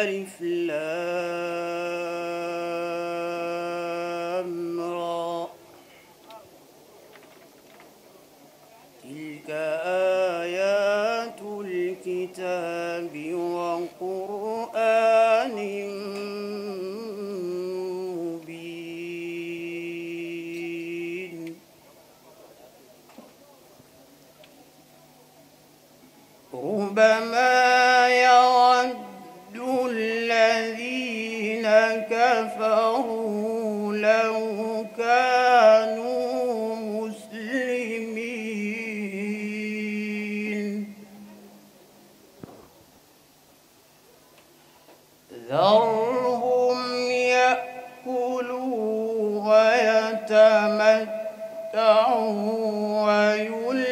ألف لام كفروا لو كانوا مسلمين ذرهم يأكلوا ويتمتعوا ويلقوا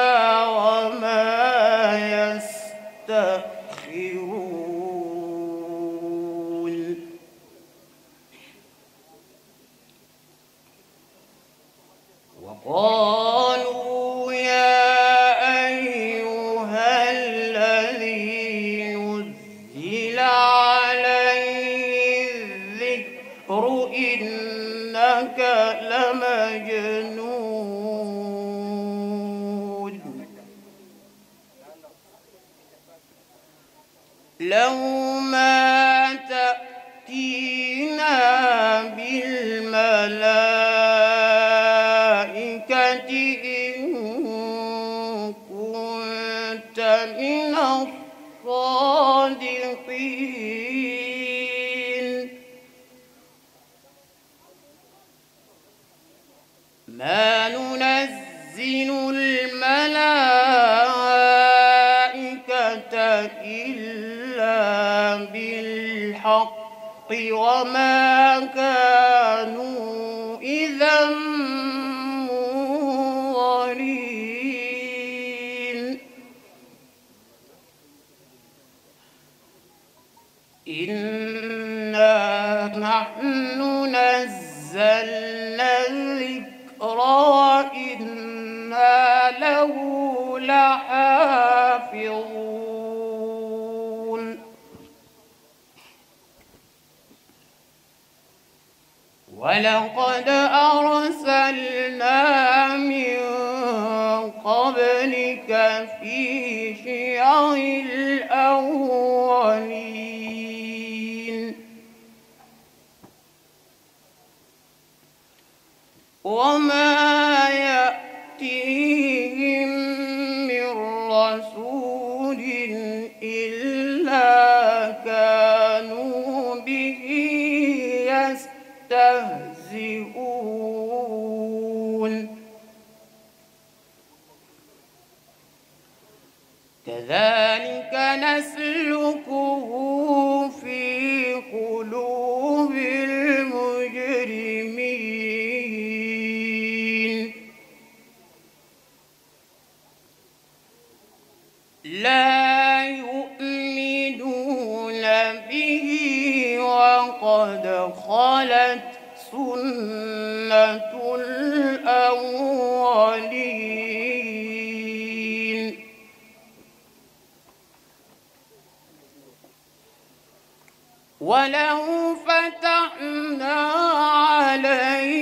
وقالوا يا أيها الذي نزل عليه الذكر إنك لمجنون لو ما لمن الصادقين ما ننزل الملائكة إلا بالحق وما كان إنا نحن نزلنا الذكر وإنا له لحافظون ولقد أرسلنا من قبلك في شيع الأول وما يأتيهم من رسول إلا كانوا به يستهزئون لا يؤمنون به وقد خلت سنة الأولين ولو فتحنا عليهم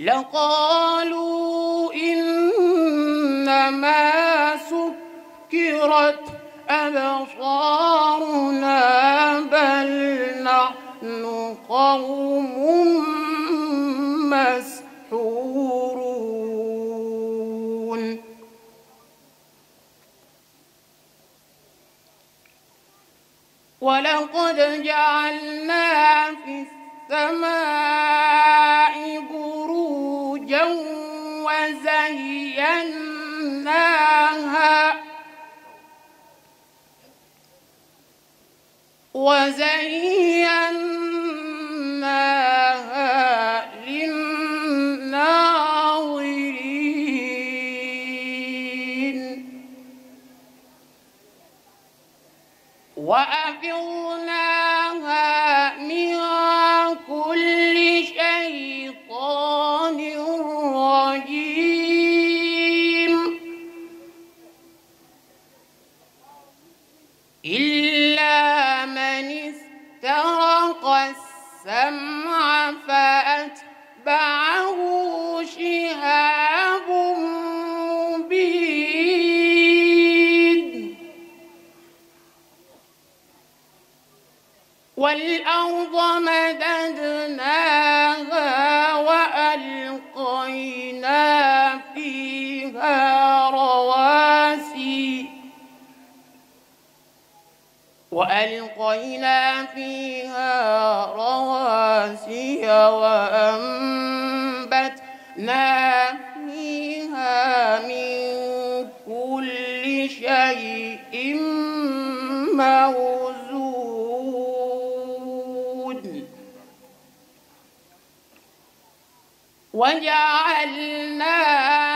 لقالوا إنما سكرت أبصارنا بل نحن قوم مسحورون ولقد جعلنا في السماء بُرُوجًا ثريا وزيناها وزيناها للناظرين وأفضنا إلا من استرق السمع فأتبعه شهاب مبين والأرض مددناها وألقينا فيها وألقينا فيها رواسي وأنبتنا فيها من كل شيء موزون وجعلنا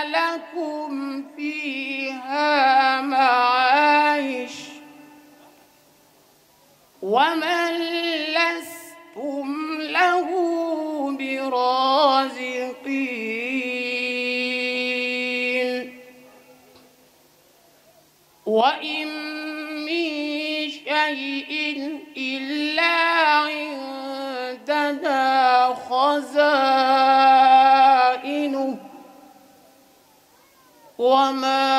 لكم فيها معاشر ومن لستم له برازقين وإن من شيء إلا عندنا خزائنه وما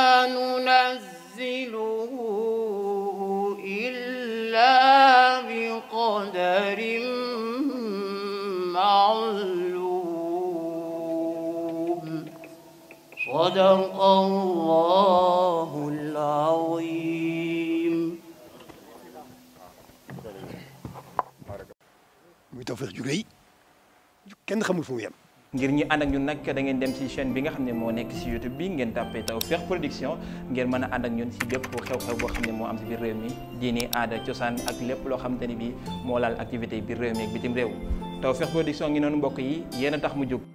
صدق الله العظيم muy Tawfekh ju rëy kenn xamul fu mu ngir ñi ànd ñun nag da ngeen dem ci chain bi nga xam ne moo nekk ci YouTube bi ngeen tàppee Tawfekh Production ngeen mën a àndak ak ñun ci bépp xew-xew boo xam ne moo am ci biir réew mi diini aada cosaan ak lépp loo xamante ni bi moo laal activité biir réew mi ak bitim réew Tawfekh Production ngi noonu mbokk yi yéen a tax mu jóg